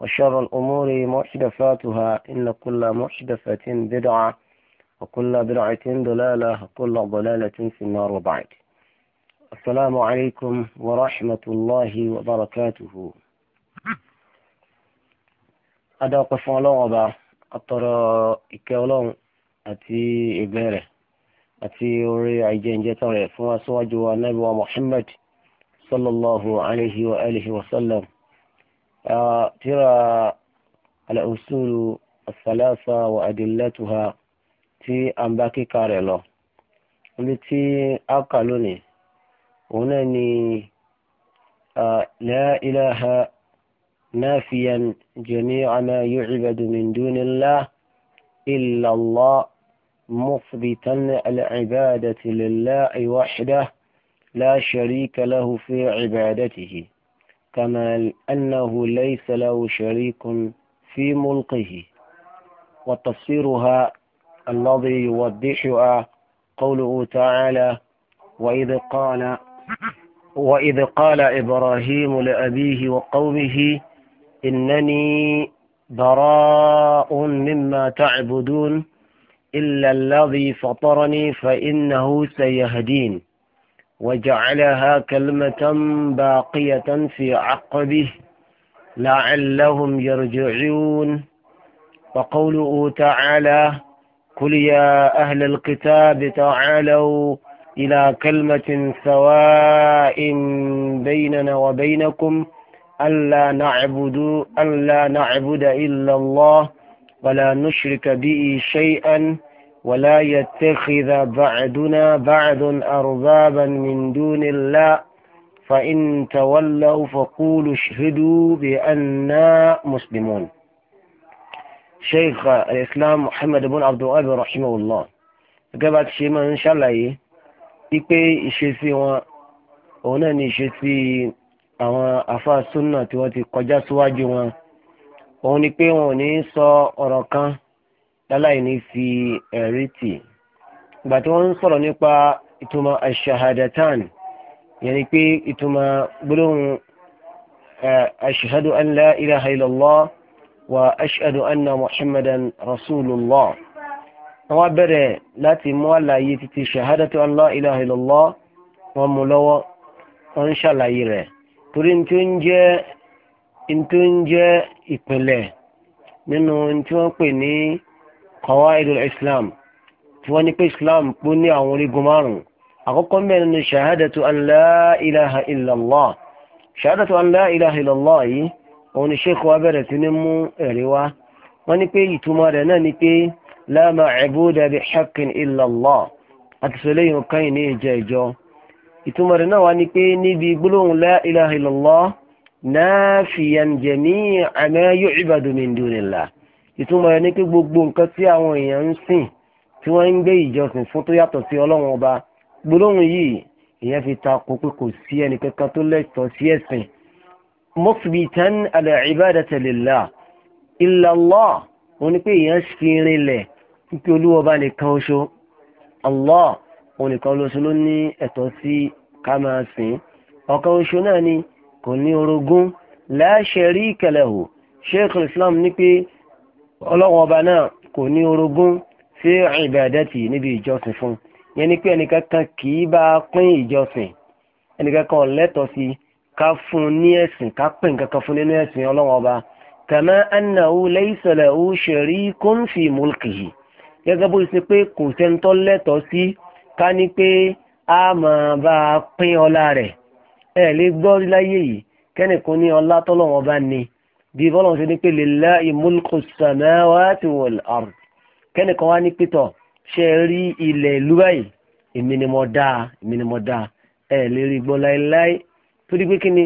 وشر الأمور محدثاتها إن كل محدثة بدعة وكل بدعة ضلالة وكل ضلالة في النار وبعد السلام عليكم ورحمة الله وبركاته أدا قفا أبا أطرى إكولون أتي إبارة أتي أوري عجين جتري فما سواجه النبي محمد صلى الله عليه وآله وسلم ترى الأصول الثلاثة وأدلتها تي أمباكي كارلو التي أقلني هناني لا إله نافيا جميع ما يعبد من دون الله إلا الله مثبتا العبادة لله وحده لا شريك له في عبادته كما أنه ليس له شريك في ملقه وتفسيرها الذي يوضحها قوله تعالى وإذ قال وإذ قال إبراهيم لأبيه وقومه إنني براء مما تعبدون إلا الذي فطرني فإنه سيهدين وجعلها كلمة باقية في عقبه لعلهم يرجعون وقوله تعالى قل يا أهل الكتاب تعالوا إلى كلمة سواء بيننا وبينكم ألا نعبد ألا نعبد إلا الله ولا نشرك به شيئا ولا يتخذ بعدنا بعد أربابا من دون الله فإن تولوا فقولوا اشهدوا بأننا مسلمون شيخ الإسلام محمد بن عبد الوهاب رحمه الله gẹ́gẹ́ ti ṣe máa ń ṣàlàyé wípé ìṣesí wọn òun náà ni ìṣesí àwọn àfáà súnà tí wọ́n ti kọjá síwájú wọn òun ni pé wọn ò ní sọ ọ̀rọ̀ kan láláì ní fi ẹ̀rí tì ìgbà tí wọ́n ń sọ̀rọ̀ nípa ìtumọ̀ ashahadatan yẹn ni pé ìtumọ̀ gbólóhùn ashahadu an la ilaha illallah wa ashahadu anna muhammadan rasulullah wọ́n bẹ̀rẹ̀ láti mú àlàyé títí shahadatu an la ilaha illallah wọ́n mú lọ́wọ́ wọ́n ń ṣàlàyé rẹ̀ torí ní tí ó ń jẹ́ ní tí ó ń jẹ́ ìpìlẹ̀ nínú ní tí wọ́n pè ní qawaidul islam tí wọ́n ní pé islam pé ní àwọn orígun márùn-ún àkọ́kọ́ mẹ́rin ni shahadatu an la ilaha illallah shahadatu an la ilaha illallah yìí òun ni sheikh wa bẹ̀rẹ̀ sí ní mú ẹ̀rí wá wọ́n ní pé ìtumọ̀ rẹ̀ náà ni pé la ma'buda bi haqqin illallah àti sọlẹ́ yìí kan yìí ní ìjẹ́ ìjọ ìtumọ̀ rẹ̀ náà wá ni pé níbi gbólóhùn la ilaha illallah nafiyan jami'a ma yu'badu min dunillah ìtumọ̀ ẹni pé gbogbo nǹkan tí àwọn èèyàn ń sìn tí wọ́n ń gbé ìjọsìn fún tó yàtọ̀ sí ọlọ́run ọba gbólóhùn yìí ìyẹn fi ta ko pé kò sí ẹnì kankan tó lẹ́tọ̀ọ́ sí ẹ̀sìn musbitan ala ibadati lillah illa Allah òun ni pé èèyàn fi rinlẹ̀ pípé olúwọba nìkan oṣo Allah òun nìkan lóṣo ló ní ẹ̀tọ́ sí ká máa sìn ọ̀kan oṣo náà ni kò ní orogún la sharika lahu Sheikh islam ní pé ọlọ́run ọba náà kò ní orogún sí ìbàdàtì níbi ìjọsìn fún yẹn ni pé ẹnìkankan kì í bá pín ìjọsìn ẹnìkankan lẹ́tọ̀ọ́ sí ká fún ní ẹ̀sìn ká pín kankan fún nínú ẹ̀sìn ọlọ́run ọba kàmá annahu laysa lahu sharikun fi mulkihi gẹ́gẹ́ bó ṣe pé kò sẹ́ńtọ́ lẹ́tọ̀ọ́ sí ká ní pé a máa bá pín ọlá rẹ̀ ẹ̀ lè gbọ́ láyé yìí kẹ́nìkan ní ọlá tọ́lọ́run ọba ni bí bọ́lá ṣe ní pé lillahi mulku samawati wal ard kẹ́nìkan wá ní pétọ̀ ṣe rí ilẹ̀ ìlú báyìí èmi ni mo dá èmi ni mo dá ẹ lè rí gbọ́ láéláé torí pé kí ni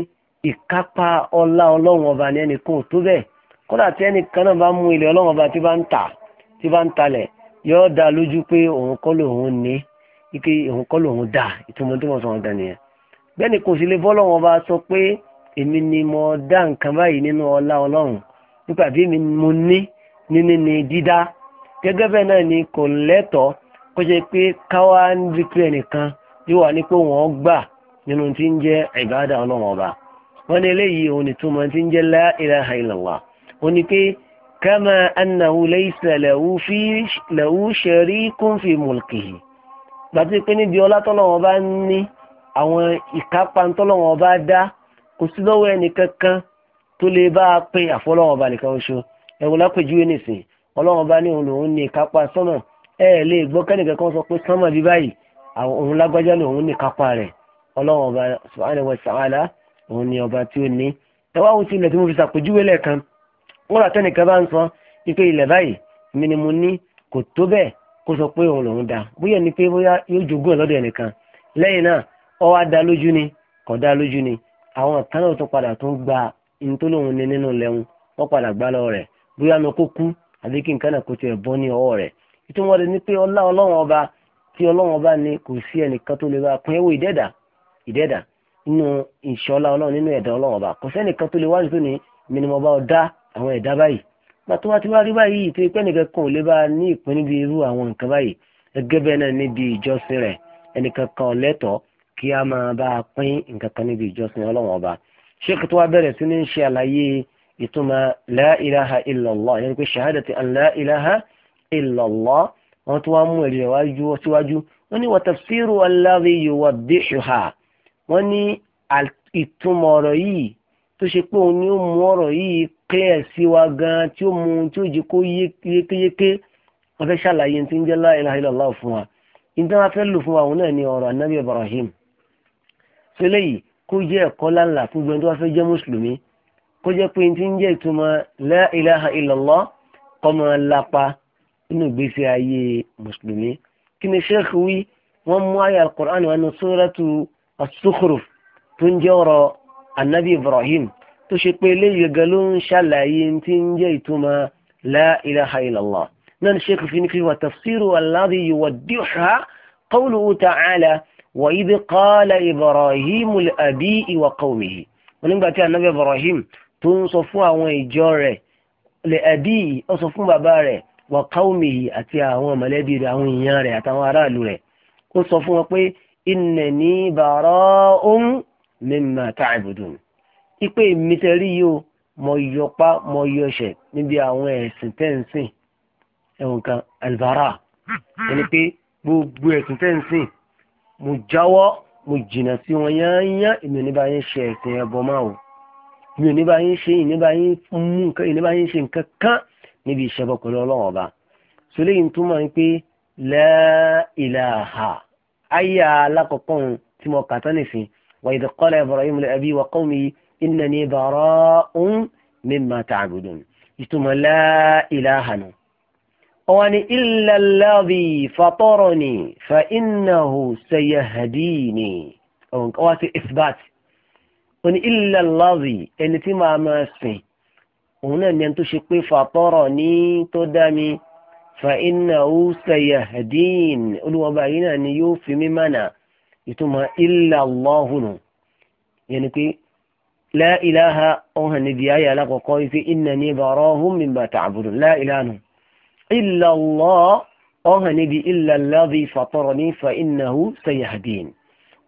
ìkápá ọlá ọlọ́run ọba ni ẹnìkan ò tó bẹ́ẹ̀ kódà tí ẹnìkan náà bá mú ilẹ̀ ọlọ́run ọba tí bá ń tà tí bá ń talẹ̀ yóò dá lójú pé òun kọ́ lòun ní ike òun kọ́ lòun dá ìtumọ̀ tó mọ̀ sọ̀rọ̀ gan ni kò sí lè bọ́ èmi ni mo dá nǹkan báyìí nínú ọlá ọlọ́run nípa bí mi mo ní níní ni dídá gẹ́gẹ́ bẹ́ẹ̀ náà ni kò lẹ́tọ̀ọ́ kó ṣe pé káwá rí pé ẹnìkan yóò wà ní pé wọ́n gbà nínú tí ń jẹ́ ìbáàdà ọlọ́run ọba wọ́n ní eléyìí òun ni túmọ̀ tí ń jẹ́ la ilaha ó ní pé kama annahu laysa lahu sharikun fi mulkihi gbàtí pé níbi ọlá tọ́lọ́run ọba ní àwọn ìkápá tọ́lọ́run ọba dá kò sí lọ́wọ́ ẹnìkankan tó lè bá a pé àfọlọ́wọ́n ọba nìkan oṣù ẹ̀wọ̀n lápèjúwe nìsín ọlọ́wọ́n ọba ní òun lòun ní kápá sọ́mọ̀ ẹ lè gbọ́ kẹ́nìkan kan sọ pé sọ́mọ̀ bí báyìí òun lágbájá ni òun ní kápá rẹ̀ ọlọ́wọ́n ọba subhanahu wa ta'ala òun ní ọba tí ó ní ẹ wá wo ti ilẹ̀ tí mo fi ṣàpèjúwe lẹ́ẹ̀kan wọ́n rà tẹ́nìkan bá ń sọ wípé ilẹ̀ báyìí mi ni mo ní kò tó bẹ́ẹ̀ kó sọ pé òun ni pé bóyá yóò jogún ẹ̀ lọ́dọ̀ ẹnìkan lẹ́yìn náà ó wá àwọn kan náà tó padà tó gba ntólóhùn ní nínú lẹ́hùn wọ́n padà gbá lọ rẹ̀ bóyá ní kó kú àbí kí nǹkan náà kó tiẹ̀ bọ́ ní ọwọ́ rẹ̀ ìtumọ̀ ni pé ọlá ọlọ́run ọba tí ọlọ́run ọba ní kò sí ẹnìkan tó lè bá pín ẹwọ́ ìdẹ́dà ìdẹ́dà nínú ìṣọ́lá ọlọ́run nínú ẹ̀dá ọlọ́run ọba kò sẹ́nìkan tó lè wá nítorí mi ni mo bá dá àwọn ẹ̀dá báyìí pàtó wá ti wá rí báyìí tó pẹ́ nìkan kan ò lè bá ní ìpín níbi irú kí a máa bá a pín nǹkan kan níbi ìjọsìn ọlọ́run ọba sheikh tó wá bẹ̀rẹ̀ sí ní ṣe àlàyé ìtumọ̀ la ilaha illallah yẹn pé shahadati an la ilaha illallah wọn tó wá mú ẹ̀rí rẹ̀ wájú síwájú wọn ní wa tafsiru alladhi yuwaddihuha wọn ní ìtumọ̀ ọ̀rọ̀ yìí tó ṣe pé òun ni ó mú ọ̀rọ̀ yìí clear sí wa gan tí ó mú tí ó jẹ́ kó yékéyéké wọn fẹ́ ṣàlàyé tí ń jẹ́ la ilaha fún wa ìdánwà fẹ́ lò fún wa òun náà ni ọ̀rọ̀ anabi ibrahim sẹ́lẹ̀ yìí kó jẹ́ ẹ̀kọ́ láńlá fún gbẹ́ni tó bá fẹ́ jẹ́ mùsùlùmí kó jẹ́ pé n ti ń jẹ́ ìtumọ̀ la ilaha illallah kọ́ máa lápa nínú ìgbésí ayé mùsùlùmí kí ni sheikh wí wọ́n mú ayé alukur'an wa ní suratu as tó ń jẹ́ ọ̀rọ̀ anabi ibrahim tó ṣe pé eléyìí gan ló ń ṣàlàyé tí ń jẹ́ ìtumọ̀ la ilaha náà ni sheikh fi ní kí wà tafsiru alladhi yuwaddihuha qawluhu ta'ala wa idh qala ibrahimu li abihi wa qawmihi wọn nígbà tí anabi ibrahim tó ń sọ fún àwọn ìjọ rẹ̀ li abihi ó sọ fún bàbá rẹ̀ wa qawmihi àti àwọn mọ̀lẹ́bí rẹ̀ àwọn èèyàn rẹ̀ àtàwọn aráàlú rẹ̀ ó sọ fún wọn pé innani bara'un mimma ta'budun ipe ìmísẹ̀rí yìí o mo yọpá mo yọṣẹ̀ níbi àwọn ẹ̀sìn tẹ́ǹsìn ẹ̀wọ̀n kan albara ẹni pé gbogbo ẹ̀sìn tẹ́ǹsìn mo jáwọ́ mo jìnà sí wọn yányán èmi ò ní bá yín ṣe ẹ̀sìn ẹ̀bọ máa o èmi ò ní bá yín ṣe ìní bá yín mú nǹkan ìní bá yín ṣe nǹkan kan níbi ìṣẹ́bọ pẹ̀lú ọlọ́run ọba sọlẹ́ yìí túmọ̀ ní pé la ayé alákọ̀ọ́kọ́ tí mo kà tán nìsín wa idh qala Ibrahim li abi wa qawmi innani bara'un mimma ta'budun ìtumọ̀ la náà ọwọ́ ni ìlàláàbì fàtọ́rọ̀ ni fa innahu sayahdini ọwọ́ ti isbat ó ní ìlàláàbì ẹni tí màá máa sìn òun náà ni ẹni tó ṣe pé fàtọ́rọ̀ ní tó dá mi fa innahu sayahdini olúwọba yìí náà ni yóò fi mí mánà ìtumọ̀ ìlàláàbù nù pé la ilaha ọ̀hún níbi ayé alákọ̀ọ́kọ́ ife innani barahum mimma ta'budun la ilaha illa Allah ọ̀hàn níbi illa alladhi fatarani fa innahu sayahdin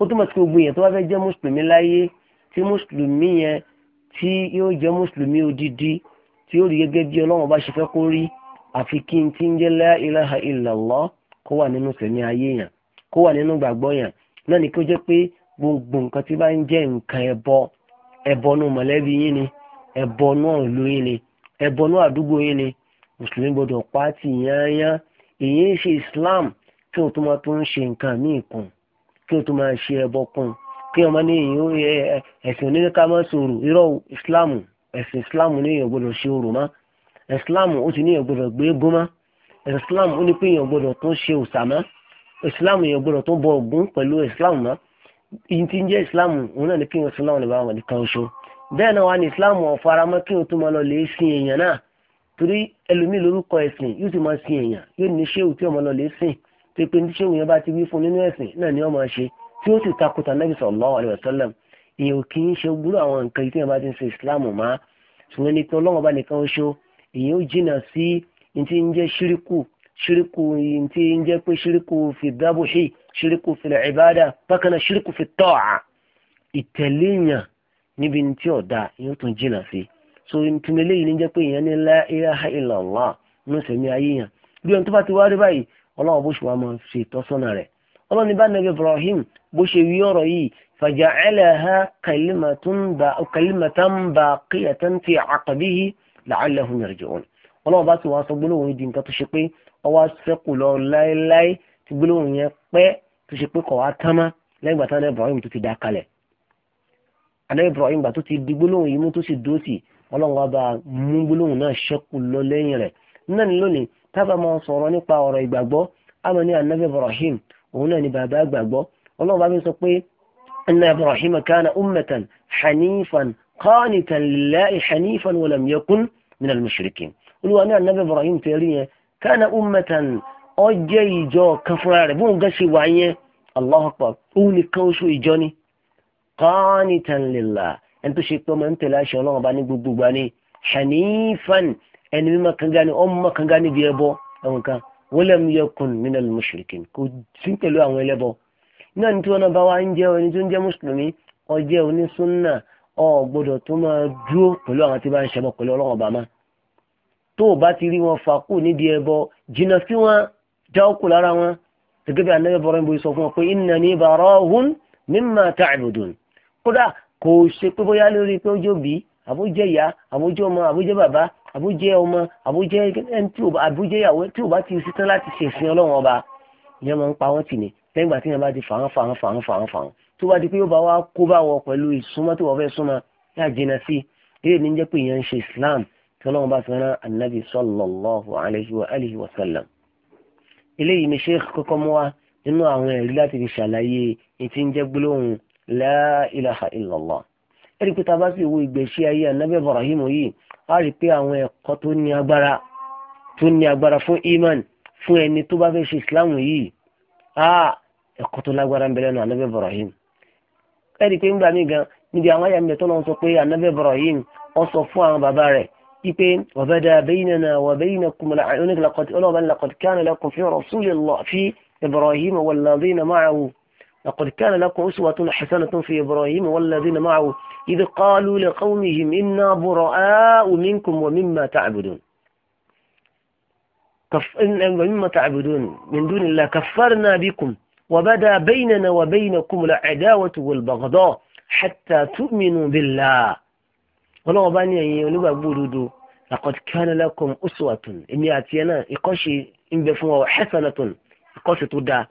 ó túmọ̀ sí gbogbo yẹn tó bá fẹ́ jẹ́ mùsùlùmí láyé tí mùsùlùmí yẹn tí yóò jẹ́ mùsùlùmí odidi tí yóò rí gẹ́gẹ́ bí ọlọ́run bá ṣe fẹ́ kó rí àfi kí n ti ń jẹ́ la ilaha illa kó wà nínú sẹ̀mí ayé yẹn kó wà nínú gbàgbọ́ yẹn náà ni kí ó jẹ́ pé gbogbo nǹkan tí bá ń jẹ́ nǹkan ẹbọ ẹbọnú mọ̀lẹ́bí yín ni ẹbọnú ìlú yín ni ẹbọnú àdúgbò yín ni mùsùlùmí gbọ́dọ̀ pàtì yányá èyí ń ṣe islam kí o tó máa tó ń ṣe nǹkan míì kún kí o tó máa ṣe ẹbọ kún kí ọmọ ní ẹ̀sìn onílé ká má sọ̀rọ̀ irọ́ islam ẹ̀sìn islam ní èèyàn gbọ́dọ̀ ṣe orò má islam ó ti ní èèyàn gbọ́dọ̀ gbé egun má islam ó ní pé èèyàn gbọ́dọ̀ tó ṣe òòṣà má islam èèyàn gbọ́dọ̀ tó bọ Ògún pẹ̀lú islam má ìyí ti ń jẹ́ islam òun náà ní kí wọ́n sin láwọn ìbáwọn nìkan oṣù bẹ́ẹ̀ náà wà ní islam ọ̀faramọ́ kí wọ́n tó máa lọ lè sin èèyàn náà torí ẹlòmíì lórúkọ ẹ̀sìn yóò sì máa sin èèyàn yóò ní ṣéwù tí ọmọ náà lè sìn tó pé ní ṣéwù yẹn bá ti wí fún nínú ẹ̀sìn náà ni ọmọ ṣe tí ó sì takùtà Nabi sallallahu alaihi wasallam èèyàn kì í ṣe gbúrò àwọn nǹkan tí wọn bá ti ń ṣe ìsìláàmù má ṣùgbọ́n ní pé ọlọ́wọ́n bá nìkan ṣó èèyàn ó jìnnà sí ní ti ń jẹ́ ṣíríkù ṣíríkù ní ti ń jẹ́ pé ṣíríkù fi dábòṣì ṣíríkù fi lè so ìtumọ̀ eléyìí ní jẹ́ pé èèyàn ní la ilaha illallah ní sẹ̀mí ayé yẹn bí ohun tó bá ti wá rí báyìí ọlọ́run bó ṣe wá máa ṣe ìtọ́sọ́nà rẹ̀ ọlọ́run ní bá nàbí Ibrahim bó ṣe wí ọ̀rọ̀ yìí faja'alaha kalimatan baqiyatan fi aqabihi la'allahum yarji'un ọlọ́run bá ti wá sọ gbólóhùn yìí di nǹkan tó ṣe pé ọwọ́ sẹ́kù lọ láéláé tí gbólóhùn yẹn pẹ́ tó ṣe pé kọ̀ wá tán mọ́ lẹ́yìn ìgbà Ibrahim tó ti dá kalẹ̀ àná Ibrahim gbà tó ti di gbólóhùn yìí mú tó sì dúró sí i ọlọ́run wa bá mú gbólóhùn náà ṣẹ́kù lọ lẹ́yìn rẹ̀ náà ní lónìí tábà máa sọ̀rọ̀ nípa ọ̀rọ̀ ìgbàgbọ́ àmọ́ ní anabi ibrahim òun náà ni bàbá ìgbàgbọ́ ọlọ́run bá mi sọ pé inna ibrahim kana ummatan hanifan qanitan lillahi hanifan wa lam yakun min al-mushrikin olúwa ní anabi ibrahim tẹ̀rí yẹn kana ummatan ó ìjọ kan fúnra rẹ̀ bóun gẹ́ ṣe wà allah akbar òun nìkan oṣù ìjọ ni qanitan lillahi ẹni tó ṣe pé ọmọ ń tẹ̀lé aṣọ ọlọ́run ọba ní gbogbo ìgbà ni hanifan ẹni mímọ́ kanga ni ọmọ kanga níbi ẹbọ ẹwọn kan walam yakun minal mushrikin kò sí pẹ̀lú àwọn ẹlẹ́bọ náà ní tí wọn bá wá ń jẹ́ ẹni tó ń jẹ́ mùsùlùmí ó jẹ́ onísúnnà ó gbọ́dọ̀ tó máa dúró pẹ̀lú àwọn tí bá ń ṣẹbọ pẹ̀lú ọlọ́run ọba máa tó o bá ti rí wọn fà kú nídìí ẹbọ jìnnà sí wọn já ó kù lára wọn gẹ́gẹ́ bí anábẹ́ bọ́rọ̀ ń bọ́ sọ fún wọn pé innani barahun mimma ta'budun kódà kò ṣe pé bóyá lórí pé ó jó bí àbójẹ́ ìyá àbójẹ́ ọmọ àbójẹ́ bàbá àbójẹ́ ọmọ àbójẹ́ ẹni tí ò bá àbójẹ́ ìyàwó tí ò bá ti ṣetán láti ṣe ìsìn ọlọ́run ọba ìyẹn máa ń pa wọ́n tì ní lẹ́yìn ìgbà tí yẹn bá ti fà wọ́n fà wọ́n fà wọ́n fà wọ́n fà wọ́n tó bá di pé ó bá wá kó bá wọ pẹ̀lú ìsúnmọ́ tí wọ́n fẹ́ súnmọ́ yá jìnnà sí eré ní jẹ́ pé ìyẹn ń ṣe Islam tí ọlọ́run bá fẹ́ràn anabi sallallahu alayhi wa alihi wa sallam eléyìí ni sheikh kọ́kọ́ mú wa nínú àwọn ẹ̀rí láti fi ṣàlàyé ètí ń jẹ́ gbólóhùn la ilaha illallah ẹ̀rí pé tá a bá sì wo ìgbésí ayé anabi ibrahim yìí a rí pé àwọn ẹ̀kọ́ tó ní agbára tó ní agbára fún iman fún ẹni tó bá fẹ́ ṣe islam yìí a ẹ̀kọ́ tó lágbára ń bẹ lẹ́nu anabi ibrahim ẹ̀rí pé ńgbà mí gan níbi àwọn àyà mẹ́tọ́ náà sọ pé anabi ibrahim ọ sọ fún àwọn bàbá rẹ̀ ipe wàbẹ́dà bẹ́yìnà wàbẹ́yìnà kùmùlà àyọ̀nìkìlá kọ̀tì ọlọ́ọ̀bá ńlá kọ̀tì kánà lakum fi rasulillah fi ibrahim wàlladhina ma'ahu لقد كان لكم أسوة حسنة في إبراهيم والذين معه إذ قالوا لقومهم إنا براء منكم ومما تعبدون كف... ومما تعبدون من دون الله كفرنا بكم وبدا بيننا وبينكم العداوة والبغضاء حتى تؤمنوا بالله ولو باني ní بودودو لقد كان لكم أسوة إن يأتينا إقاشي إن بفوا حسنة إقاشي تودا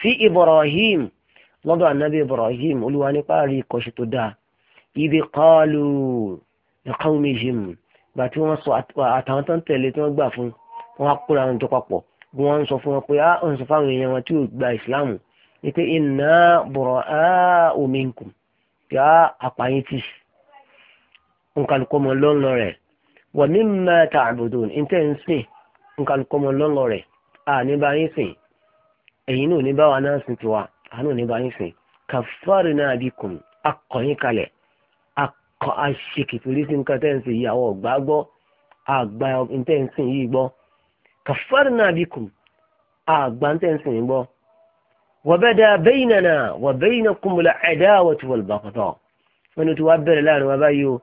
في إبراهيم lọ́dọ̀ ànábì ibrahim olúwa nípa rí ìkọ́ṣe tó dáa ibi qalu liqawmihim gbà tí wọ́n sọ àtàwọn tó ń tẹ̀lé tí wọ́n gbà fún wọn á kóra wọn jọ papọ̀ bí wọ́n ń sọ fún wọn pé á ah, ń sọ fáwọn èèyàn wọn tí ò gba ìsìláàmù ni pé inna bura'u minkum yá àpáyé tì nkàlùkọ́ lọ́nà rẹ̀ wa mimma ta'budun ntẹ̀ ń sìn nkàlùkọ́ lọ́nà rẹ̀ à ní bá yín sìn ẹ̀yin náà ní báwa náà sìn tiwa àánú ní báyìí sìn kàfáàrí náà bí kùn akọ̀yìn kalẹ̀ akọ̀ àṣekìtìrí sí nǹkan tẹ́ ń sìn yìí àwọn ọ̀gbá gbọ́ àgbà tẹ́ ń sìn yìí gbọ́ kàfáàrí náà bí kùn àgbà tẹ́ ń sìn yìí gbọ́. wàbẹ́dà bẹ́yìnàna wàbẹ́yìnà kùmùlà àdáwà tí wọ́n bá kọ́tọ̀ wọn ti wá bẹ̀rẹ̀ láàrin wa báyìí o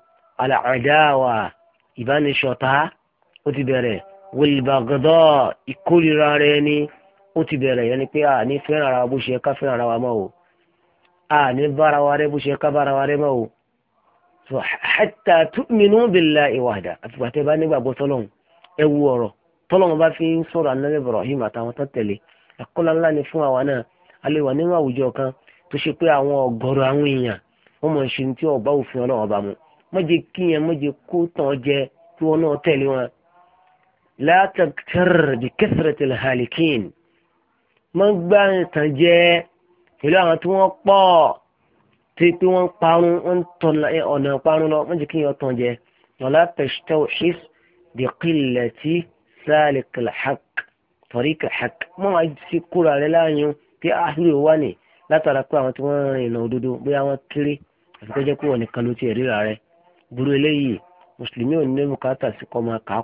àlà àdáwà ìbánisọ̀tá ó ti bẹ̀rẹ̀ wọlbàgọ́dọ̀ ìkórira rẹ ni ó ti bẹ̀rẹ̀ yẹn ni pé a ní fẹ́ràn ara wa bó ṣe ká fẹ́ràn ara wa mọ́ o a ní bára wa rẹ bó ṣe ká bára wa rẹ mọ́ o so hatta tu'minu billahi wahda àtùgbà tẹ́ bá nígbàgbọ́ tọ́lọ́hún ẹ wú ọ̀rọ̀ tọ́lọ́hún bá fi ń sọ̀rọ̀ anábẹ́ Ibrahim àtàwọn tán tẹ̀lé ẹ̀kọ́lá ńlá ni fún àwa náà a wà nínú àwùjọ kan tó ṣe pé àwọn ọ̀gọ̀rọ̀ àwọn èèyàn wọ́n mọ̀ ṣe tí ọba òfin ọlọ́wọ́ bá mu mọ̀jẹ̀ kí mọ̀jẹ̀ kó tàn jẹ kí wọ́n náà tẹ̀lé wọn. la máa ń gbá ìtàn jẹ pẹ̀lú àwọn tí wọ́n pọ̀ tí pé wọ́n parun wọ́n tọ̀nà ọ̀nà parun lọ wọ́n jẹ́ kí wọ́n tàn jẹ ọ̀la tẹ̀sítẹ́ òṣìṣ bí kílẹ̀ tí sáàlì kìlẹ̀ hàk tọ̀rí kìlẹ̀ hàk mọ́ wá sí kúrò rẹ láàyò tí àhìrì ah, wà ní látara pé àwọn tí wọ́n rìn ìnà òdodo bóyá wọ́n kéré àti tó jẹ́ pé wọ́n nìkan ló ti ríra rẹ burú eléyìí mùsùlùmí ò ní bùkátà sí kọ́ máa kà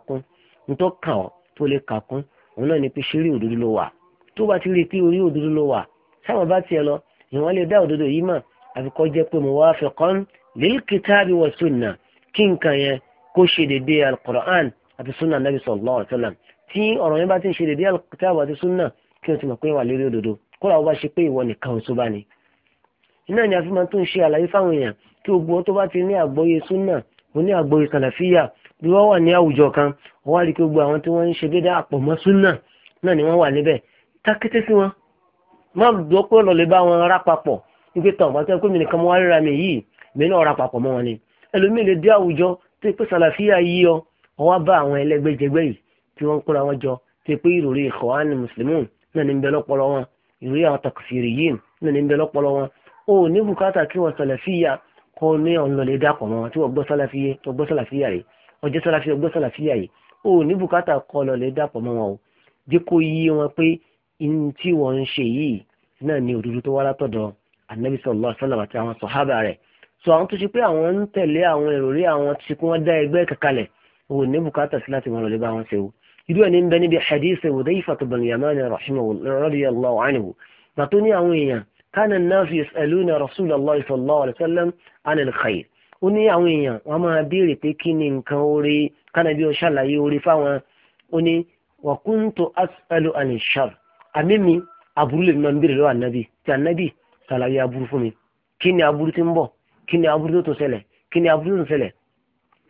nítorí kàn ọ́ tó lè kà òun náà ní pé ṣírí òdodo ló wà tó bá ti rí i pé orí òdodo ló wà sáwọn bá tiẹ̀ lọ ìwọ́n lè dá òdodo yìí mọ̀ àfikọ́ jẹ́ pé muwafiqan lil kitabi wa sunna kí nǹkan yẹn kó ṣe dédé al-Qur'an àti sunna nabi sallallahu alayhi wa sallam tí ọ̀rọ̀ yẹn bá ti ń ṣe dédé al-kitabi àti sunna kí wọ́n ti mọ̀ pé wà lórí òdodo kóra wọ́n bá ṣe pé ìwọ nìkan oṣù bá ni. iná ni àfihàn tó ń ṣe àlàyé fáwọn èèyàn kí gbogbo tó bá ti ní àgbọ́yé sunna mo ní àgbọ́yé kàlàfíà bí wọ́n wà ní àwùjọ kan wọ́n wá rí i pé gbogbo àwọn tí wọ́n ń ṣe dédé àpọ̀ mọ́ sunna náà ni wọ́n wà níbẹ̀ takété sí wọn máa dùn pé ọ̀nà lè bá wọn rà papọ̀ wípé tàn bá tẹ́ pé mi nìkan mo wá ríra mi yìí mi náà rà papọ̀ mọ́ wọn ni ẹlòmíì lè dé àwùjọ tó pé sàlàfíà yí ọ wọn wá bá àwọn ẹlẹgbẹjẹgbẹ yìí tí wọn ń kóra wọn jọ tó pé ìròrí ìkọ̀wánì mùsùlùmí náà ní ń bẹ lọ́pọlọ wọn ìròrí àwọn takfiri yìí náà ní ń bẹ lọ́pọlọ wọn o ní bùkátà kí wọn sàlàfíà kọ ní ọ̀nà lè dàpọ̀ mọ́ tí wọ́n gbọ́ sàlàfíà yìí ọjọ́ sàlàfíà gbọ́ sàlàfíà yìí o ní bùkátà kọ lọ lè dàpọ̀ mọ́ wọn o jẹ́ yí wọn pé in tí wọ́n ń ṣe yìí náà ni òdodo tó wá látọ̀dọ̀ anabi sallallahu alaihi wasallam àti àwọn sọ̀hábà rẹ̀ so àwọn tó ṣe pé àwọn ń tẹ̀lé àwọn ìròrí àwọn ti kí wọ́n dá ẹgbẹ́ kankalẹ̀ òun ní bùkátà sí láti wọn lọ lè bá wọn ṣe o irú ẹni ń bẹ níbi hadith Hudhayfah bin Yaman radiyallahu anhu gbàtó ní àwọn èèyàn kana an-nasu yas'aluna Rasulullah sallallahu alaihi wasallam anil khair wa kuntu as'alu anil àmì mi aburú lè máa ń béèrè lọ́wọ́ ànábì tí ànábì ṣàlàyé aburú fún mi kí ni aburú ti ń bọ̀ kí ni aburú tó tún ṣẹlẹ̀ kí ni aburú tó tún ṣẹlẹ̀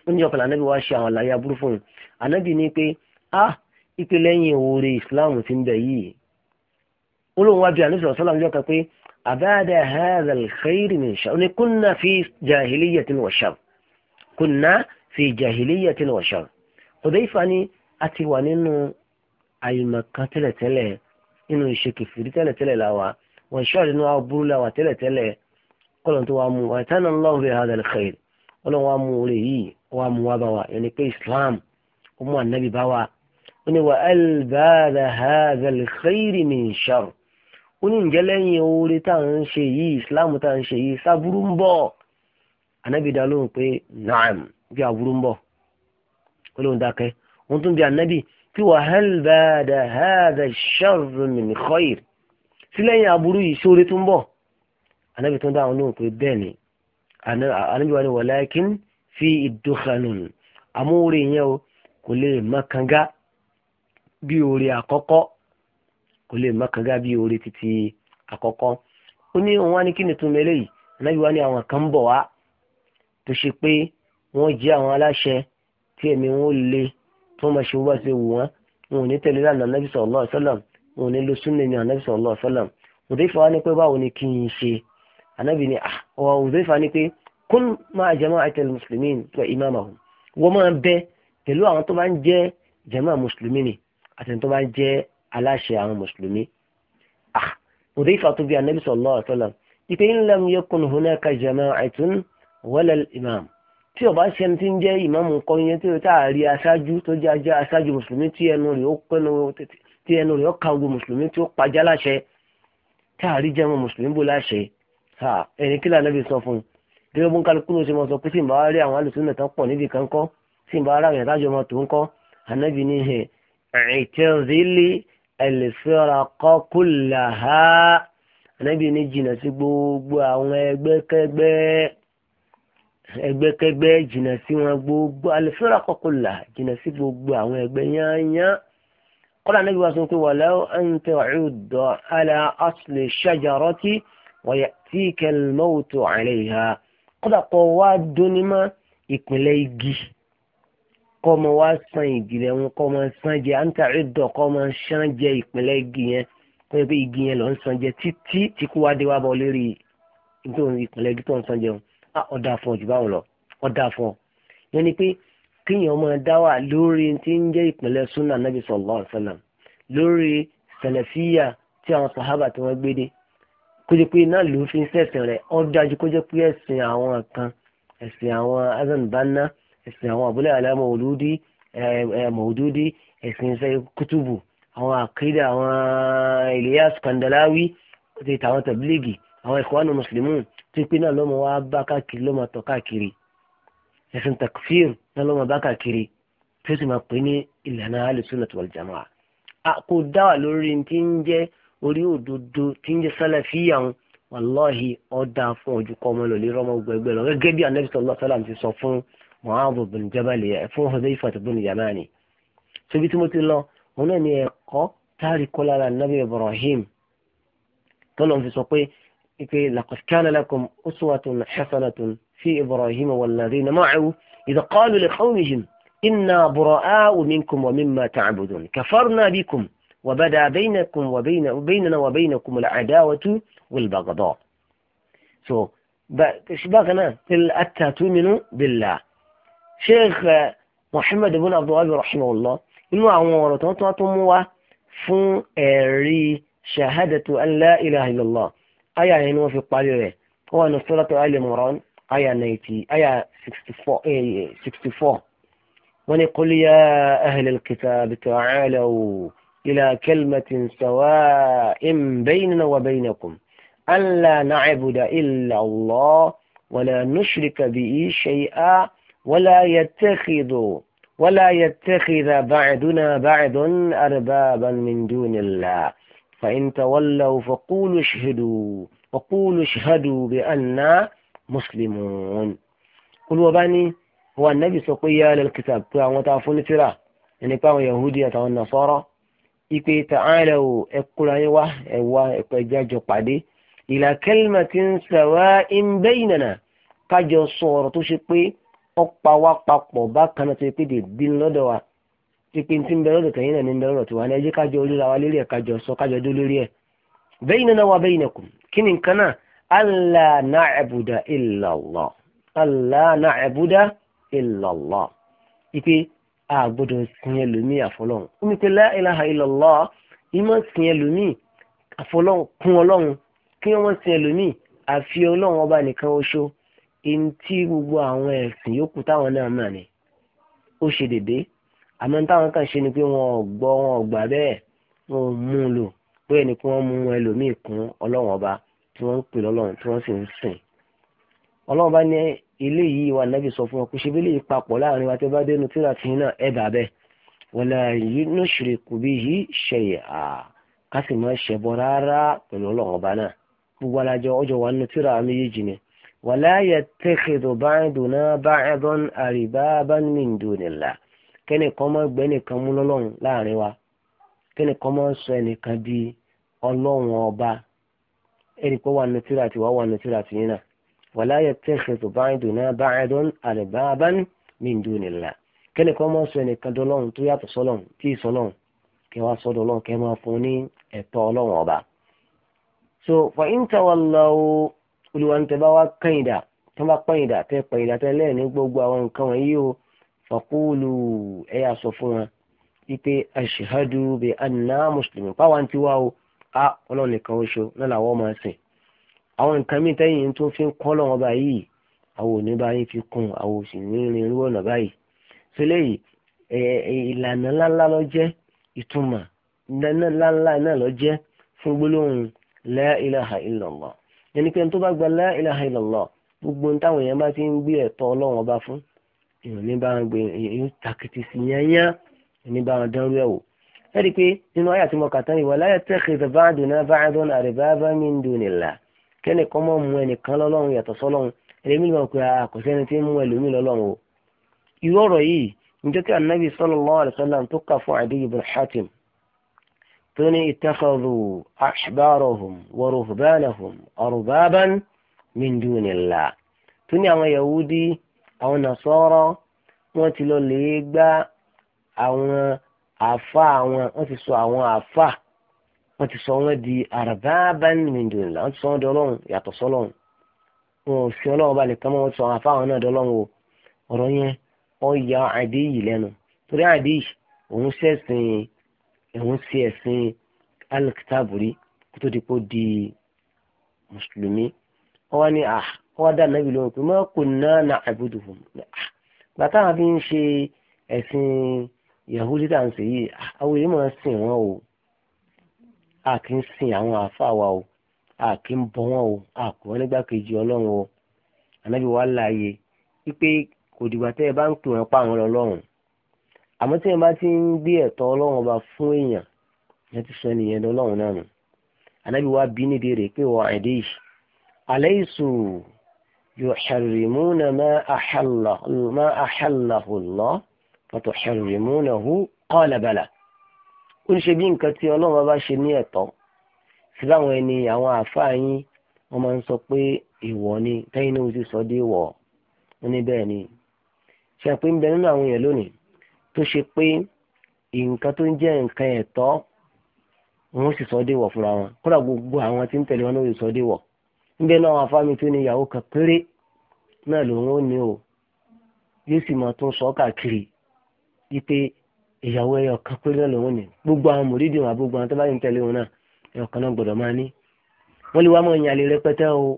ó ní ọkàn ànábì wá ṣe àwọn àlàyé aburú fún mi ànábì ní pé ah ipe lẹ́yìn oore ìsìláàmù ti ń bẹ yìí ó lóun wá bí ànábì sọ̀rọ̀ sọ́lá níjọ́ kan pé àbáàdà hadha al-khayr min ni kunna fi jahiliyatin wa shar kunna fi jahiliyatin wa shar Hudayfa ni a ti wà nínú àyùmọ̀ nínú ìṣe kẹfìrí tẹ́lẹ̀tẹ́lẹ̀ la wa wọn ṣọ́ àdínú aburú la wa tẹ́lẹ̀tẹ́lẹ̀ kọ́lọ̀ tó wa mú wa tánà lọ́wọ́ fi hàn àdàlẹ́ xẹ́yìn ọlọ́run wa mú orí yìí wa mú wa bá wa yẹn ni pé islam ó mú ànábì bá wa ó ní wa albaada hàdàlẹ́ xẹ́yìn min shar ó ní ǹjẹ́ lẹ́yìn oore tá à ń ṣe yìí islam tá à ń ṣe yìí sábúrú ń bọ̀ ànábì dá lóhùn pé naam bí aburú ń bọ̀ ó lóhùn dákẹ́ òun tún bí ànábì tí wà hẹ́lbàdà hàdà ṣàrùmìn kọ́yìr sí lẹ́yìn aburú yìí sórí tó ń bọ̀ anábì tó ń dá àwọn olóhùn pé bẹ́ẹ̀ ni anábì wà ní wàlákin fi ìdókanùn amóore yẹn o kò lè mọ́kànga bí oore àkọ́kọ́ kò lè mọ́kànga bí oore títí àkọ́kọ́ ó ní òun wá ní kí ni tún mẹ́lẹ̀ yìí anábì wá ní àwọn kan ń bọ̀ wá tó ṣe pé wọ́n jẹ́ àwọn aláṣẹ tí ẹ̀mí wọn ó tí wọ́n máa ṣe wá ṣe wù wọ́n wọn ò ní tẹ̀lé lánàá nàbí sallallahu alaihi wasallam wọn ò ní lo súnlẹ̀ ní ànábì sallallahu alaihi wasallam òdèfà wá ní pé báwo ni kí n ṣe ànábì ni ọ̀wà òdèfà ní pé kún máa jama'atil muslimin wa imamahum wọ́n máa bẹ pẹ̀lú àwọn tó bá ń jẹ́ jama'a mùsùlùmí ni àti tó bá ń jẹ́ aláṣẹ àwọn mùsùlùmí. òdèfà ah, tó bí ànábì sallallahu alaihi wasallam ìpè in lam yakun hunaka jama'atun wala al-imam tí ọba ṣe ẹni tí ń jẹ́ ìmáàmù kọ́yìn tí ó tá a rí aṣáájú tó jẹ́ ajá aṣáájú mùsùlùmí tí ẹnu rẹ̀ ó pẹ́nu tí ẹnu rẹ̀ ó ka ogun mùsùlùmí tí ó pajá láṣẹ tá a rí jẹ́mu mùsùlùmí bó láṣẹ ẹni kí lànà bí sọ fún un gẹ́gẹ́ bó ń kálukú ló ṣe mọ̀ sọ pé tí n bá rí àwọn alùsùn náà tán níbi kan kọ́ tí n bá rí àwọn ìdájọ́ ọmọ tó ń kọ́ ànábì ní ẹ̀ ẹ̀ẹ́tẹ́rìlì ẹ̀lẹ́fẹ́rakọ́ ànábì ní jìnnà sí gbogbo àwọn ẹgbẹ́kẹ́gbẹ́ ẹgbẹ́kẹ́gbẹ́ jìnnà sí wọn gbogbo àlùfẹ́rà kọkùnlà jìnnà sí gbogbo àwọn ẹgbẹ́ yányán kọ́lá níbi wàá sọ pé walaw anta udda ala asli shajarati wa ya'tika al-mawtu alayha kọ́lá kọ́ wá dónímọ̀ ìpínlẹ̀ igi kọ́ ọmọ wá san igi rẹ̀ wọn kọ́ ọmọ san jẹ anta udda kọ́ ọmọ san jẹ ìpínlẹ̀ igi yẹn kọ́ ẹ pé igi yẹn lọ́ ń san jẹ títí tí kú wá dé wá bọ́ lérí ìpínlẹ̀ igi tó ń san jẹun ọ̀dà fọ jù báwo lọ ọ̀dà fọ yẹn ni pé kíyàn máa dá wà lórí tí ń jẹ́ ìpínlẹ̀ sunna nabi sallallahu alaihi wasallam lórí sàlàfíyà tí àwọn sàhábà tí wọ́n gbé dé kó jẹ́ pé náà ló fi ń sẹ̀sìn rẹ̀ ó dájú kó jẹ́ pé ẹ̀sìn àwọn kan ẹ̀sìn àwọn Hasan Banna ẹ̀sìn àwọn Abul Ala Mauludi Maududi ẹ̀sìn iṣẹ́ kútùbù àwọn àkídà àwọn Ilyas Kandalawi ti tàwọn Tablighi àwọn Ikhwanul Muslimun tí pé náà lọ́mọ wa bá káàkiri lọ́mọ tọ́ káàkiri ẹ̀sìn takfir náà lọ́mọ bá káàkiri tí ó sì máa pè ní ìlànà al-sunnah wal jama'a. a kò dáwà lórí tí ń jẹ́ orí òdodo tí ń jẹ́ sálàfíà ń wàláhì ọ̀dà fún ojú kọ́ ọmọ lòlẹ́ rọ́mọ gbẹgbẹ lọ gẹ́gẹ́ bí anabi sallallahu alaihi ti sọ fún mu'adh bin jabal fún hudayfa bin yamani. sobi tí mo ti lọ òun náà ni ẹ̀kọ́ táàrí kọ́ anabi ibrahim tọ́lọ́ fi sọ pé لقد كان لكم أسوة حسنة في إبراهيم والذين معه إذا قالوا لقومهم إنا براء منكم ومما تعبدون كفرنا بكم وبدا بينكم وبين بيننا وبينكم العداوة والبغضاء so بغنا حتى تؤمنوا بالله شيخ محمد بن عبد الوهاب رحمه الله inú àwọn ọ̀rọ̀ tó أري شهادة أن لا إله إلا الله أيا هنو في الطالب هو أن سورة آل عمران أيا نيتي آية 64 أي قل يا أهل الكتاب تعالوا إلى كلمة سواء بيننا وبينكم أن لا نعبد إلا الله ولا نشرك به شيئا ولا يتخذ ولا يتخذ بعدنا بعد أربابا من دون الله فإن تولوا فقولوا اشهدوا وقولوا اشهدوا بأننا مسلمون قل وباني هو النبي سقيا للكتاب كما تعرفون ترى يعني كما يهودي أو النصارى إكي تعالوا اقول أيوة أيوة إجاجوا قادي إلى كلمة سواء بيننا كجو صورة تشقي أقوى وقوى باكنا تيقيدي دين لدوا ti pé ti ń bẹ lọ́dọ̀ tẹ̀yìn náà ní ń bẹ lọ́dọ̀ tiwa ní ẹjẹ́ kájọ oríra wa lérí ẹ̀ kájọ sọ kájọ dó lérí ẹ̀ baynana wa baynakum kí ni nǹkan náà alla na'buda illa Allah alla na'buda illa ipe a sin ẹlòmíì àfọlọ́hún ó pé la ilaha ìmọ̀ sin ẹlòmíì àfọlọ́hún kún ọlọ́hún kí wọ́n sin ẹlòmíì àmọ́ táwọn kan ṣe ni pé wọn ò gbọ́ wọn ò gbà bẹ́ẹ̀ wọn ò mú un lò pé ẹni pé wọ́n mú ẹlòmíì kún ọlọ́run ọba tí wọ́n ń pè lọ́lọ́run tí wọ́n sì ń sìn ọlọ́run bá ní ilé yìí wà nábì sọ fún wọn kò ṣe bí lè papọ̀ láàrin wa tí wọ́n bá dénú tí wọ́n ti ń náà ẹ̀ bà bẹ́ẹ̀ wọ́n lè yí ní ṣùrè kù bí yìí ṣe à ká sì máa ṣe bọ́ rárá pẹ̀lú ọlọ́run ọba náà kẹ́nìkan máa gbé ẹnìkan mú lọ́lọ́run láàrin wa kẹ́nìkan máa sọ ẹnìkan di ọlọ́run ọba ẹnì pé wà nùtírà tí wà wà nùtírà tí yín náà wala yattakhidhu ba'duna ba'dan arbaban min dunillah kẹ́nìkan máa sọ ẹnìkan dọ́lọ́run tó yàtọ̀ sọ́lọ́run tí ì sọ́lọ́run kẹ́ wá sọ́dọ̀ ọlọ́run kẹ́ máa fún ní ẹ̀tọ́ ọlọ́run ọba. so fa in tawallaw olùwàntẹ́ bá wá kẹ́yìndà tó bá kẹ́yìndà tẹ́ kẹ́yìndà tẹ́ lẹ́yìn ní gbogbo àwọn nǹkan wọ̀nyí o faqulu ẹ yà sọ fún wọn wípé ashhadu bi anna muslimin pàwọn ti wá o a ọlọ́run nìkan oṣù lọ́la àwọn ọmọ ẹ̀sìn àwọn nǹkan mìíràn tẹ́yìn tó fi ń kọ́ lọ́wọ́ báyìí àwọn òní bá yín fi kún àwọn òsì rìnrìn irú ọ̀nà báyìí sílẹ̀ yìí ìlànà ńláńlá ló jẹ́ ìtumọ̀ ńláńlá náà ló jẹ́ fún gbólóhùn la ilaha illallah tó bá gba la ilaha gbogbo táwọn èèyàn bá ti ń gbé ẹ̀tọ́ ọlọ́run ọba fún èèyàn ní bá wọn gbé èèyàn tàkìtì sí yányá ní bá wọn dánrú ẹ̀ wò. ẹ rí i pé nínú ayé àti mọ̀kàtà ìwà láyé tẹ́kì ìdàbàdùn àbáyọ̀dún àrèbábá mi ń dùn nílà kẹ́ni kan mọ̀ mú ẹnìkan lọ́lọ́run yàtọ̀ sọ́lọ́run ẹlẹ́mí ni wọn pe àkọsẹ́ni ah, tí ń mú ẹlòmí lọ́lọ́run o. irú ọ̀rọ̀ yìí níjọ́ tí anabi sallallahu alaihi wasallam àwọn nàṣọ́rọ́ wọ́n ti lọ lè gbá àwọn àfa àwọn wọ́n ti sọ àwọn àfa wọ́n ti sọ wọ́n di arbaban min dunillah wọ́n ti sọ wọ́n di ọlọ́run yàtọ̀ sọ́lọ́run wọn ò fi ọlọ́run balẹ̀ kán wọ́n ti sọ àfa àwọn náà di ọlọ́run o ọ̀rọ̀ yẹn ó ya àdéhì lẹ́nu torí àdéhì òun ṣẹ̀sìn òun ṣe ẹ̀sìn alikitabu rí kó di kó di mùsùlùmí wọ́n wá ní à ah, wọ́n dá nàbí lóhùn pé máa na bàtà wọn ń ṣe ẹ̀sìn yahudi tá ń ṣe yìí ah, àwọn èèyàn máa ń sìn wọn o a kì í sìn àwọn àáfàá wa o a kì bọ wọn o a kò wọn nígbà kejì ọlọ́run o ànábì wa láàyè wípé kò dìgbà tẹ́ ẹ ti ń gbé ẹ̀tọ́ ọlọ́run ọba fún èèyàn ti sọ ẹnìyẹn lọ́lọ́run náà nù bí pé wọ́n يحرمون ما أحله ما أحله الله فتحرمونه قال بلى ó ní ṣe bí nǹkan tí ọlọ́run bá ṣe ní ẹ̀tọ́ sí láwọn ẹni àwọn àáfàá yín wọ́n máa ń sọ pé ìwọ ni tẹ́yìn náà ti sọ dé wọ̀ ó ní bẹ́ẹ̀ ni ṣe àpé ń bẹ nínú àwọn èèyàn lónìí tó ṣe pé nǹkan tó ń jẹ́ nǹkan ẹ̀tọ́ wọ́n sì sọ dé wọ̀ fúnra wọn kódà gbogbo àwọn tí ń tẹ̀lé wọn náà sì sọ dé wọ̀ ń bẹ náà àwọn àáfàá mi tó ní ìyàwó kan péré náà lòun ò ní o yóò sì máa tún sọ káàkiri wípé ìyàwó ẹyọ kan pé náà lòun ní gbogbo àwọn mòrídìí wọn àgbogbo àwọn tó bá yín tẹ̀lé wọn náà ẹyọ kan náà gbọ́dọ̀ máa ní wọ́n lè wá mọ̀ ìyàlè rẹpẹtẹ o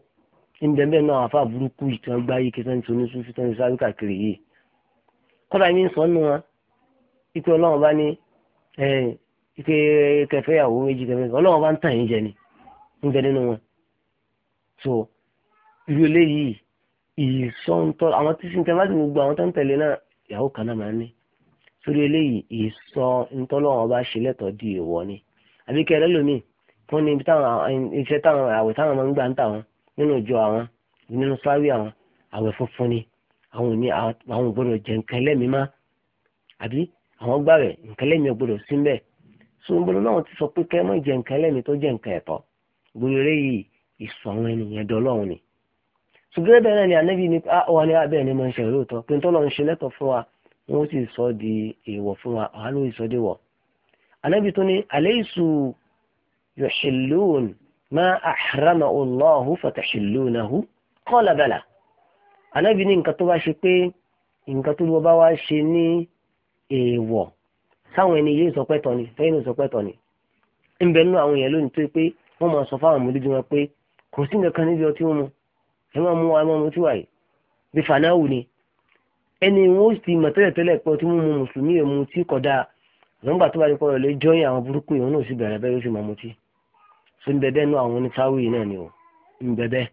níbẹ̀ bẹ́ẹ̀ náà àfa burúkú ìtàn gbá yìí kẹsàn-án tí oníṣu fi tán ní sáré káàkiri yìí kọ́dà yín sọ nù wọn ipe ọlọ́run bá ní ike kẹfẹ́ ìyàwó méjì kẹfẹ́ ọlọ́run bá ń tàn yín jẹ ni ń bẹ nínú wọn so irú eléyìí ìsọ̀ntọ́ àwọn tí sìnkẹ́ bá ti gbogbo àwọn tó ń tẹ̀lé náà ìyàwó kan náà máa ní sórí eléyìí ìsọ ntọ́lọ́wọ́n bá ṣe lẹ́tọ̀ọ́ di èèwọ̀ ni àbí kẹ́ fún ni iṣẹ́ táwọn àwẹ̀ táwọn máa ń gbà ń tà wọn nínú ìjọ àwọn nínú àwọn ni àwọn àwọn jẹ nǹkan má àbí àwọn gbà rẹ̀ nǹkan sọ pé kẹ́ jẹ nǹkan tó jẹ nǹkan ẹ̀tọ́ ìsọ ṣùgbọ́n bẹ́ẹ̀ náà ni ànábì ní ah, wà ní abẹ́ ah, ni mo ń ṣe lóòótọ́ pé tọ́lọ́ ń ṣe lẹ́tọ̀ fún wa wọ́n sì sọ di èèwọ̀ fún wa àánú ìsọdéwọ̀ ànábì tó ní alaysu yuhillun ma ahrama Allahu fatahillunahu qala bala ànábì ní nǹkan tó bá ṣe pé nǹkan tó bá wá ṣe ní èèwọ̀ sáwọn ẹni yé sọ fáwọn mọ̀lẹ́bí ẹ máa mú wa ẹ máa mú tíwá yìí bí fanáwù ni ẹni wọn ó sì mọ̀ tẹ́lẹ̀ tẹ́lẹ̀ pé ọtí mímu mùsùlùmí ẹ̀ mu tí kódà nígbà tó bá di pọ̀rọ̀ lé jọ́yìn àwọn burúkú yìí wọn náà sì bẹ̀rẹ̀ bẹ́ẹ̀ yóò sì máa mutí ṣé ń bẹ́ẹ̀ bẹ́ẹ̀ nú àwọn oníṣáwù yìí náà ni o ń bẹ́ẹ̀ bẹ́ẹ̀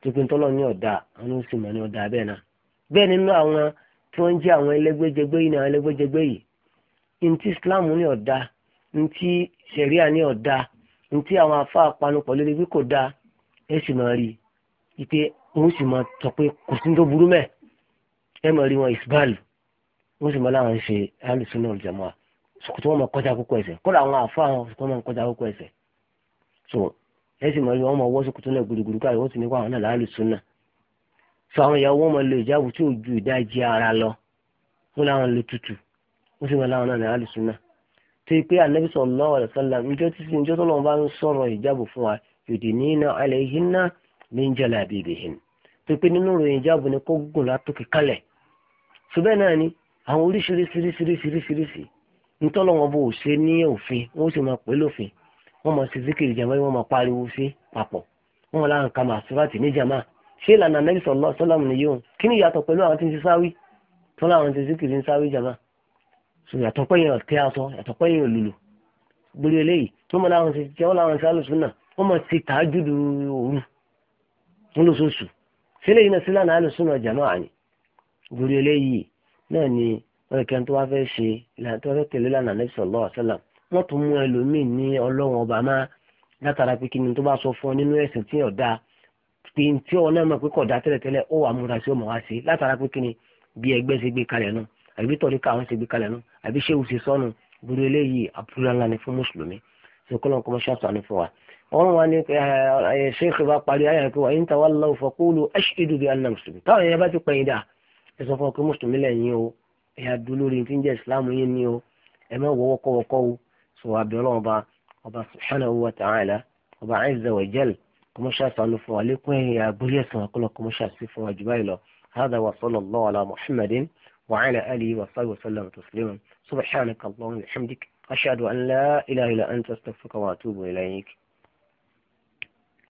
tó pé tọ́lọ́ ní ọ̀dà àwọn ó sì mọ̀ ní ọ̀dà bẹ́ẹ̀ náà bẹ́ẹ̀ nínú àwọn tí wọ́n jẹ́ àwọn ẹlẹ́gbẹ́jẹgbẹ́ yìí náà ẹlẹ́gbẹ́jẹgbẹ́ yìí ntí Islam ní ọ̀dà ntí sẹ̀ríà ní ọ̀dà ntí àwọn afá apanupọ̀ lórí bí kò dáa ẹ sì máa rí i ipe wọ́n sì máa sọ pé kò sí tó burú mẹ́ ẹ máa rí wọn ìsbáàlù wọ́n sì máa láwọn ń ṣe alùsùnà olùjàmọ́ sọkòtò wọn máa kọjá kókó ẹsẹ̀ kódà àwọn àfa àwọn sọkòtò wọn máa kọjá kókó ẹsẹ̀ so ẹ sì máa rí wọn máa wọ́ sọkòtò náà gbùdùgbùdù káyọ̀ wọ́n sì ní kó àwọn náà lálùsùnà so àwọn ìyàwó wọn máa lo ìjáàbù tí ò ju ìdajì ara lọ wọn làwọn lo tutù wọ́n sì máa láwọn náà lálùsùnà tó yí pé anabi sallallahu alaihi wasallam njọ́ tí njọ́ tó lọ́wọ́ bá ń sọ̀rọ̀ ìjáàbù fún wa yudinina alaihinna min jalabibihin tó pé nínú ìròyìn ìjáàbù ni kó gùn látòkè kalẹ̀ ṣùgbọ́n náà ni àwọn oríṣiríṣiríṣiríṣiríṣi ntọ́lọ́wọ́n bò ṣe ní òfin wọ́n sì máa pè lófin wọ́n máa ṣe zikiri jama wọ́n máa pariwo sí papọ̀ wọ́n máa láǹkà máa sífàtì ní jama ṣé ìlànà Ànábì sallallahu alaihi wasallam nìyí o kí ni ìyàtọ̀ pẹ̀lú àwọn tí ń ṣe sáwí tọ́lá àwọn tí ń ń sáwí jama so yàtọ̀ pé yẹn ọ̀tẹ́ aṣọ yàtọ̀ pé yẹn òlùlù gbèrè eléyìí tó máa láwọn ṣe jẹ́ wọ́n láwọn ṣe alùsùn náà wọ́n máa ṣe tàájúdù òru fún lóṣooṣù sílẹ̀ yìí náà sílẹ̀ náà lè súnmọ́ jàmáà àní lórí eléyìí náà ni wọ́n kẹ́ tó wá fẹ́ ṣe ìlànà tó fẹ́ tẹ̀lé lánàá Nabi sallallahu alaihi wasallam tún mú ẹlòmíì ní ọlọ́run ọba máa látara pé kí ni tó bá sọ fún ọ nínú ẹ̀sìn tí ò dáa pé tí ọ náà mọ̀ pé kò dáa tẹ́lẹ̀tẹ́lẹ̀ ó wà múra sí ọmọ wa sí látara pé kí ni bí ẹgbẹ́ ṣe gbé kalẹ̀ náà àbí tọ́lí káwọn ṣe gbé kalẹ̀ náà àbí ṣéwù ṣe sọ́nù lórí eléyìí àbúrò ńlá ni fún mùsùlùmí ṣe kọ́lọ́n kọ́mọ́ṣáàtọ̀ ànífọ̀wá wọ́n wá ní ṣéèkì eh, eh, bá parí ayé àti wà yín tàwa lọ́wọ́ fọkúlù ashhadu bí anna mùsùlùmí táwọn èèyàn bá ti pẹ̀yìn dà ẹ sọ fún ọ pé mùsùlùmí lẹ́yìn o ẹ̀yà dúlórí tí ń jẹ́ ìsìláàmù yín ni o ẹ má wọ́wọ́ kọ́wọ́kọ́ o sọ abẹ́rẹ́ ọba ọba subhanahu wa ta'ala ọba azza wa jal kọmọṣà sanu fún wa lẹ́kún ẹ̀yà agbórí ẹ̀sán akọ́lọ́ kọmọṣà sí fún wa jù báyìí lọ